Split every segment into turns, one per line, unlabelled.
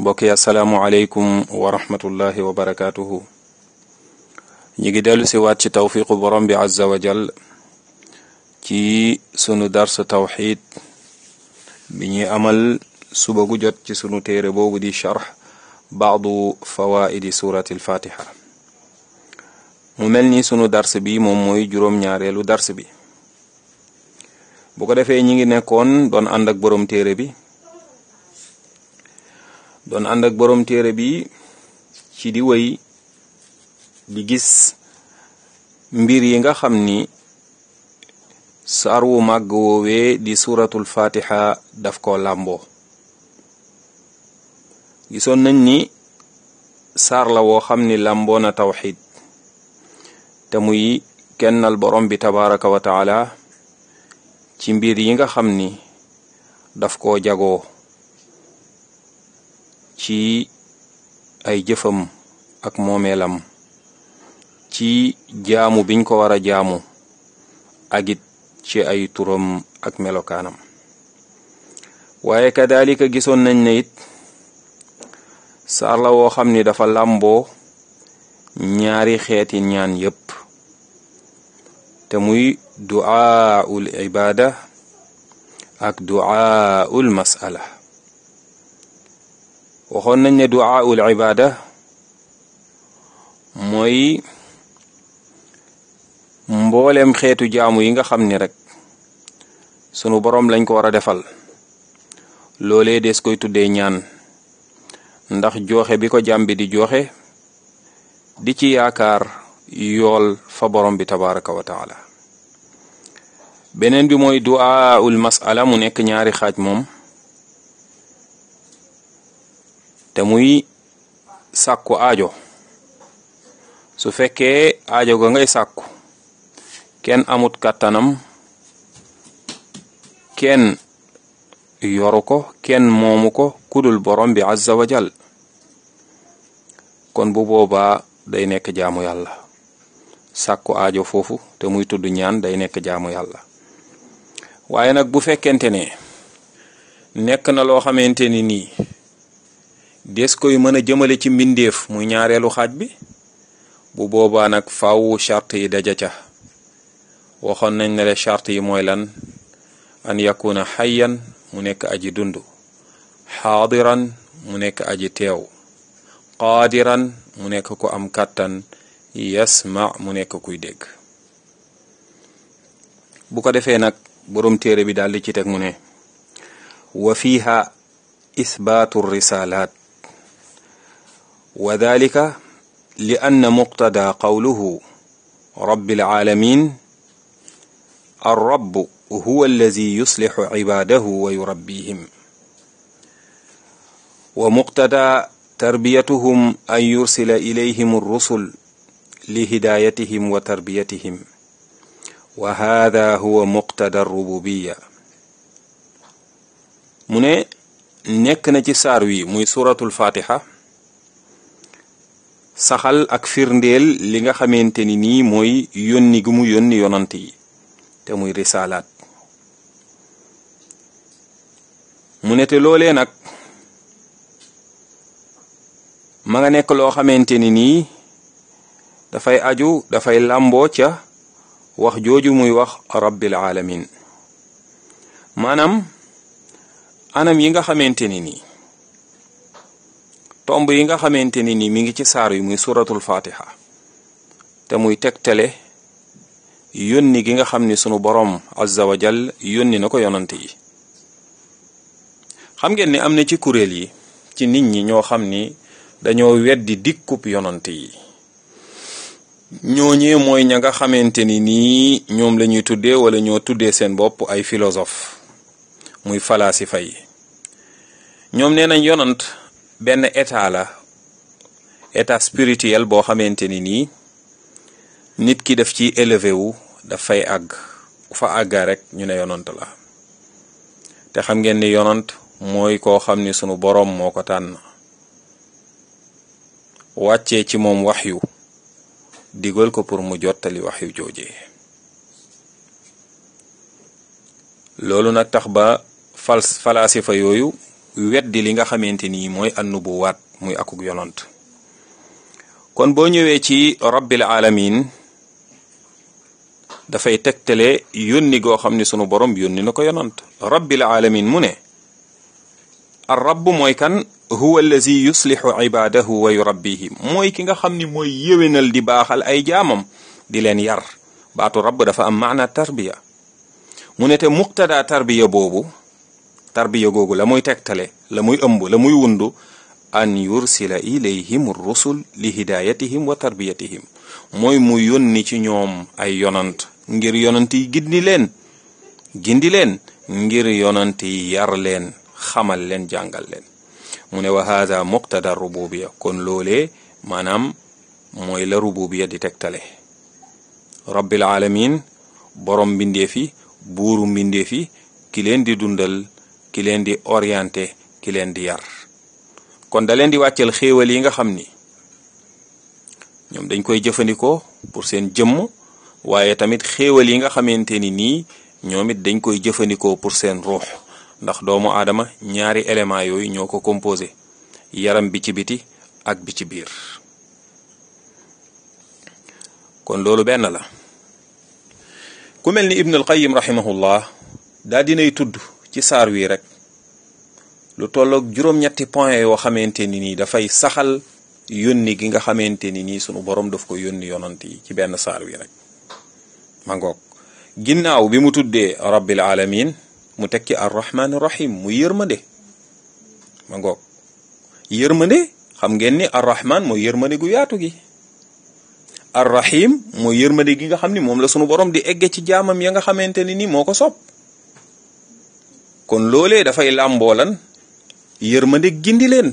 mbokk yi asalaamualeykum wa rahmatullahi wa ñu ngi dellu si waat ci tawfiqu borom bi azza wa ci sunu darsa tawxid bi ñuy amal suba gu jot ci sunu téere bo di charx baadu fawaidi surati alfatiha mu mel ni sunu dars bi moom mooy juróom-ñaareelu dars bi bu ko defee ñi ngi nekkoon doon ànd ak borom téere bi doon ànd ak boroom téere bi ci di way di gis mbir yi nga xam ni saar wu màgg di suratul fatiha daf ko làmboo gisoon nañ ni saar la woo xam ni làmboo na tawxid te muy kennal borom bi tabaraka wa ci mbir yi nga xam ni daf koo jagoo ci ay jëfam ak moomeelam ci jaamu biñ ko war a jaamu ak it ci ay turam ak melokaanam waaye kadalika gisoon nañ ne it saar la woo xam ni dafa làmboo ñaari xeeti ñaan yépp te muy duaa ul ibaada ak duaa ul masala waxoon nañ ne du aa duwaaul ibaada mooy mboolem xeetu jaamu yi nga xam ni rek sunu boroom lañ ko war a defal loolee des koy tuddee ñaan ndax jooxe bi ko jàmbi di jooxe di ci yaakaar yool fa borom bi tabaraka wa taala beneen bi mooy duwaaul masala mu nekk ñaari xaaj moom muy sàkku ajo su fekkee aajo ga ngay sàkku kenn amut kàttanam kenn yoru ko kenn moomu ko kudul borom bi azza wa kon bu boobaa day nekk jaamu yàlla sàkku ajo foofu te muy tudd ñaan day nekk jaamu yàlla waaye nag bu fekkente nekk na loo xamante ni nii des koy mën a jëmale ci mbindeef mu ñaareelu xaaj bi bu boobaa nag faawu charte yi daja ca waxoon nañ ne le yi mooy lan an yakuna xayan mu nekk aji dund xaadiran mu nekk aji teew qaadiran mu nekk ku am kàttan yasma mu nekk kuy dégg bu ko defee nag borom téere bi daal di ci teg mu ne wa fiiha isbaatu risalaat wa dalika li anna muqtada qawluhu rabbil aalamiin arrabbu huwa allazi yuslixu cibaadahu wa yurabbihim wa muqtada tarbiyatuhum an yursila ilayhim arrusul li hidaayatihim wa tarbiyatihim wa haada huwa muqtada rububiya mu ne nekk na ci saar wi muy suuratul faatiha saxal ak firndeel li nga xamante ni nii mooy yónni gu mu yónni yonant yi te muy risalaat mu nete te loolee nag ma nga nekk loo xamante ni nii dafay aju dafay làmboo ca wax jooju muy wax rabbil alamin maanaam anam yi nga xamante ni nii tomb yi nga xamante ni nii mi ngi ci saar yi muy suratul fatiha te muy teg tele yónni gi nga xam ni sunu borom azza wa jal yónni na ko yonante yi xam ngeen ni am na ci kuréel yi ci nit ñi ñoo xam ni dañoo weddi dikkub yonante yi ñooñee mooy ña nga xamante ni nii ñoom la ñuy tuddee wala ñoo tuddee seen bopp ay philosophe muy falasifa yi ñoom nee nañ yonant benn état la état spirituel boo xamante ni nii nit ki def ci élevé dafay àgg ku fa àgga rekk ñu ne yonant la te xam ngeen ni yonant mooy koo xam ni sunu boroom moo ko tànn wàccee ci moom wax yu digal ko pour mu jottali wax yu joojee loolu nag tax ba fals falasifa yooyu weddi li nga xamante ni mooy annubuwaat muy akuk yonant kon boo ñëwee ci rabbil alamin dafay tegtale yónni goo xam ne sunu borom yónni na ko yonant rabbil alamin mu ne rabb mooy kan huwa allazi yuslihu ibadahu wa yurabbihim mooy ki nga xam ni mooy yéwénal di baaxal ay jaamam di leen yar baatu rabb dafa am maana tarbiya mu ne te muqtada tarbiya boobu tarbiya googu la muy tegtale la muy ëmb la muy wundu an yursila ilayhim rusul li hidayatihim wa tarbiyatihim mooy mu yónni ci ñoom ay yonant ngir yonant yi gindi leen gindi leen ngir yonant yi yar leen xamal leen jàngal leen mu ne wa haada muqtada rububiya kon loole maanaam mooy la rububiya di tegtale rabbil alamin borom mbindeefi buuru mbindeefi ki leen di dundal ki leen di orienté ki leen di yar kon da leen di wàcceel xéewal yi nga xam ni ñoom dañ koy jëfandikoo pour seen jëmm waaye tamit xéewal yi nga xamante ni nii ñoom it dañ koy jëfandikoo pour seen ruux ndax doomu aadama ñaari élément yooyu ñoo ko composé yaram bi ci biti ak bi ci biir kon loolu benn la ku mel ni ibnul qayim rahimahullah daa dinay tudd ci saar wi rek lu tolloog juróom-ñetti point yoo xamante ni nii dafay saxal yónni gi nga xamante ni nii sunu borom daf ko yónni yonant yi ci benn saar wi rek mangoog ginnaaw bi mu tuddee rabbil alamin mu tekki arrahmaani rahim mu yërmande mangoog yërmande xam ngeen ni arrahman mooy yërmande gu yaatu gi arrahim mooy yërmande gi nga xam ni moom la sunu borom di eggee ci jaamam ya nga xamante ni nii moo ko sop kon loolee dafay làmboo lan yërmandeg gindi leen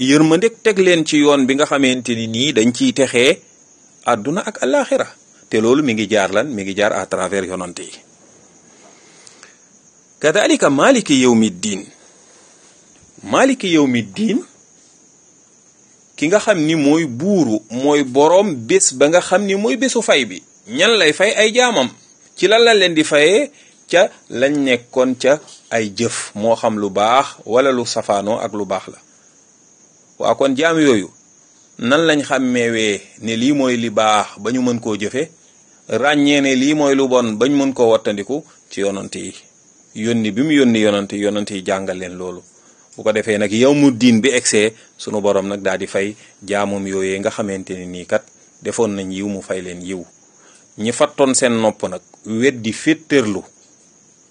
yërmandeg teg leen ci yoon bi nga xamante ni nii dañ ciy texee àdduna ak alaxira te loolu mi ngi jaar lan mi ngi jaar à travers yonante yi kadalika maliki yawmi diin yow yawmi diin ki nga xam ni mooy buuru mooy boroom bés ba nga xam ni mooy bésu fay bi ñan lay fay ay jaamam ci lan la leen di fayee ca lañ nekkoon ca ay jëf moo xam lu baax wala lu safaanoo ak lu baax la waa kon jaam yooyu nan lañ xàmmeewee ne lii mooy li baax ba ñu mën koo jëfe ràññee ne lii mooy lu bon bañ mën koo wattandiku ci yonante yi yónni bi mu yónni yonante yi yonante yi jàngal leen loolu bu ko defee nag yow mu diin bi egsee sunu borom nag daal di fay jaamum yooyee nga xamante ne nii kat defoon nañ yiw mu fay leen yiw ñi fattoon seen nopp nag wet di féttërlu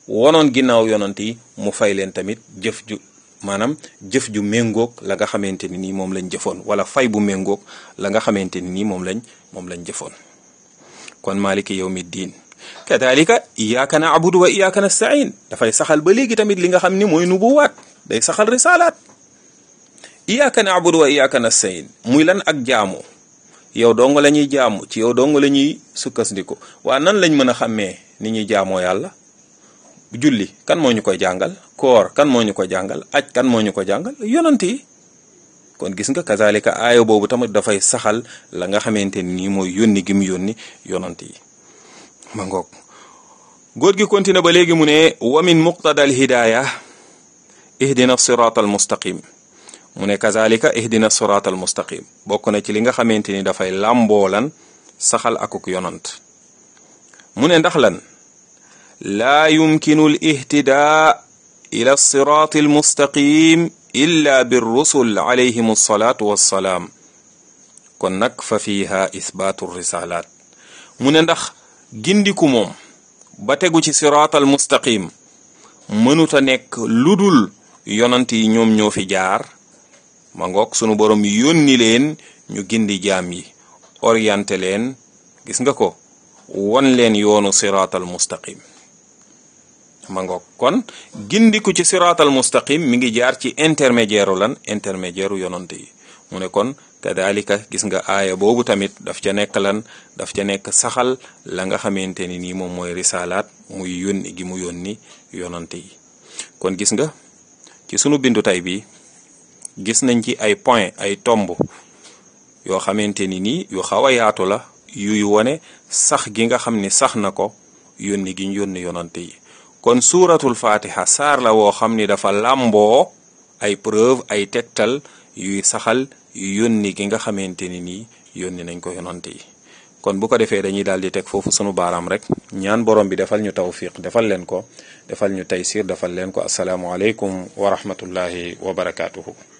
wonoon ginnaaw yonant yi mu fay leen tamit jëf ju maanaam jëf ju méngoog la nga xamante ni nii moom lañ jëfoon wala fay bu méngoog la nga xamante ni nii moom lañ moom lañ jëfoon kon maaliki yawmi diin kadalika iyyaka na'budu wa iyyaka nasta'in dafay saxal léegi tamit li nga xam ni mooy nubuwaat day saxal risalaat iyyaka na'budu wa iyyaka nasta'in muy lan ak jaamu yow dong la ñuy ci yow dong la ñuy sukkandiku waa nan lañ mën a xàmmee ni ñuy jaamoo yàlla julli kan moo ñu koy jàngal koor kan moo ko jàngal aj kan moo ñu ko jàngal yonant kon gis nga kazalika aaya boobu tamit dafay saxal la nga xamante ni mooy yónni gi mu yónni yonant yi ma ngoog góor gi continue ba léegi mu ne wa min muqtadal hidaaya ihdina siraatal mustaqim mu ne kazalika ihdina siraatal mustaqim bokk na ci li nga xamante ni dafay làmboolan saxal akuk yonant mu ne ndax lan laa yumkinu al ihtidaa ila siraat al mustaqim illa bir rusul alayhim alsalaatu wassalaam kon nag fa fiiha isbaatu risalaat mu ne ndax gindiku moom ba tegu ci siraatal mustaqim mënut a nekk lu dul yonant yi ñoom ñoo fi jaar ma ngoog sunu borom yónni leen ñu gindi jaam yi orienté leen gis nga ko won leen yoonu siraatal mustaqim mangoog kon gindiku ci suraatal mustaqim mi ngi jaar ci intermédiaire lan intermédiaire yonante yi mu ne kon kadalika gis nga aaya boobu tamit daf ca nekk lan daf ca nekk saxal la nga xamante ni nii moom mooy risaalaat muy yónni gi mu yónni yonante yi kon gis nga ci sunu bindu tey bi gis nañ ci ay point ay tomb yoo xamante ni nii yu xaw a yaatu la yuy wone sax gi nga xam ni sax na ko yónni gi ñu yónni yonante yi kon suuratul fatiha saar la woo xam ni dafa làmboo ay preuve ay tegtal yuy saxal yónni ki nga xamante ni nii yónni nañ ko yonante yi kon bu ko defee dañuy daal di teg foofu sunu baaraam rek ñaan borom bi defal ñu tawfiq defal leen ko defal ñu taysir defal leen ko asalaamualeykum wa rahmatullahi wa barakaatuhu